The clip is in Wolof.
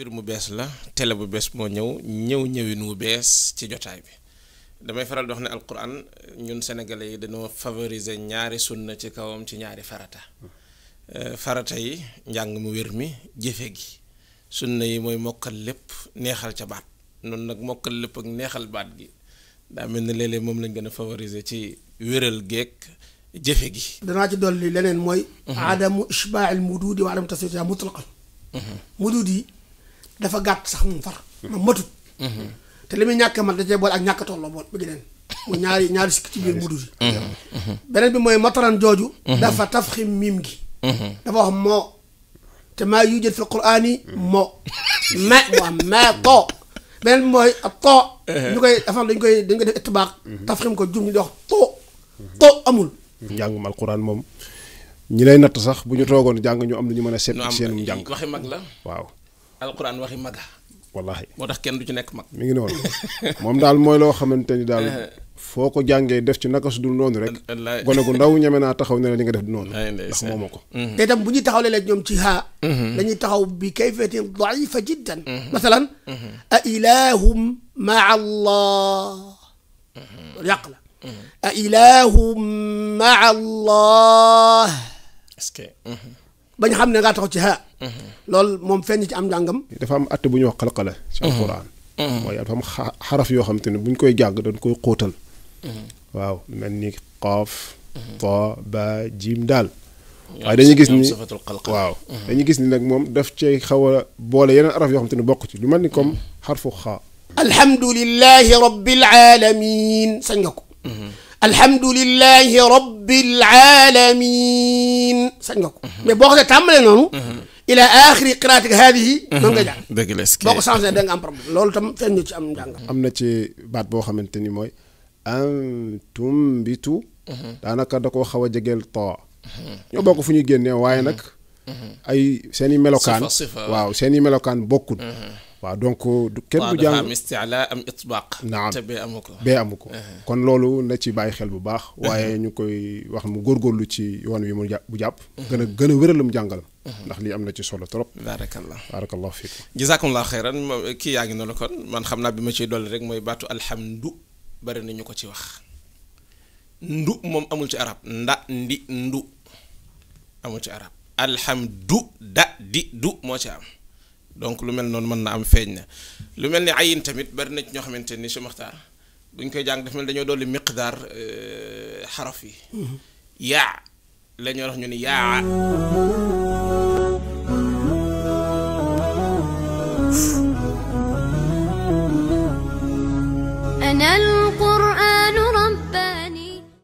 mbir mu bees la télé bu bees moo ñëw ñëw ñëwin wu bees ci jotaay bi damay faral di wax ne alquran ñun sénégalais yi dañoo favorise ñaari sunna ci kawam ci ñaari farata euh, farata yi njàng mu wér mi jëfe gi sunna yi mooy mokkal lépp neexal ca baat noonu nag mokkal lépp ak neexal baat gi daa mel ni léeg moom lañ gën a favorise ci wéral geeg jëfe gi danaa ci dolli leneen mooy mhm. adamu ishbaa al muduudi wa adam taswitiha mutlaqan mhm. muduud yi dafa gàtt sax moom far. moom mm-hmm. matut. Mm-hmm. te li muy ñàkk a mat da cee boole ak ñàkk a tolloo bool bëgg neen mu ñaari ñaari sikk ci biir bu si. Mm-hmm. beneen bi mooy mataran jooju. dafa tafxim miim gi. dafa wax moo. te maa yujad fi quraan yi moo. ma mu am ma too. ab too. ñu dañ koy dañ koy def itibaax. tafxim ko jum ñu di wax too. too amul. moom ñi lay natt sax bu ñu toogoon jàng ñu am lu ñu mën a seet. seenum njàng waxi mag la waaw. alquran waxi maga wallahi moo tax kenn du ci nekk mag mi ngi noonu moom daal mooy loo xamante ni daal eh. foo ko jàngee def ci naka su dul noonu rek gone gu ndaw ñeme naa taxaw ne li nga def du noonu ndax moomoo ko mhm. te itam bu ñuy taxawlee la ñoom ci haa mhm. dañuy taxaw bi kayfiyatin daifa jiddan mhm. masalan a ilahum maa allah loolu a ilahum maa allah est bañ xam ne ngaa taxaw ci xaa mm-hmm. loolu moom feeñ ci am njàngam dafa am att bu ñuy wax xalqala ci mm-hmm. alquran mm-hmm. mooy dafa am xaraf yoo xam te ne buñ koy jàng dañ koy xóotal mel ni qaaf ta ba jiim daal waaye dañuy gis ni waaw dañuy gis ni nag moom daf cay xaw a boole yeneen araf yoo xam te ne bokk ci lu mel ni comme xarfu xaa alhamdulilahi rabbil alamin sañ nga ko alhamdulilahi rabbil aalamiin sañ nga ko mhm. mais boo ko see tàmbalee noonu mhm. boo ko changé am loolu tam feeñ ñu ci am njàng am na ci baat boo xamante ni mooy antum bitu mhm. daanaka da koo xaw a jegeel too ñoo bokk fu ñuy génnee waaye nag ay seeni melokaan waaw seen i melokaan bokkul waaw donc kenn du jàng am itbaq naam te bee amu ko bee amu ko kon loolu na ci bàyyi xel bu baax waaye ñu koy wax mu góor góorgóorlu ci yoon wi mu jàpp bu jàpp gën a gën a wéralum jàngal ndax lii am na ci solo trop baarakallah baarakallah fiikum jazakumullah xeyran kii yaa ngi la kon man xam naa bi ma ciy dolli rek mooy baatu alhamdu bari na ñu ko ci wax ndu moom amul ci arab nda ndi ndu amul ci arab du da di du moo ci am donc lu mel noonu mën na am feeñ na lu mel ni ayin tamit bari na ñoo xamante ni si maxtaar buñ koy jàng dafa mel dañoo dolli miqdaar euh, xaraf yi mm-hmm. yaa la ñoo wax ñu ni yaa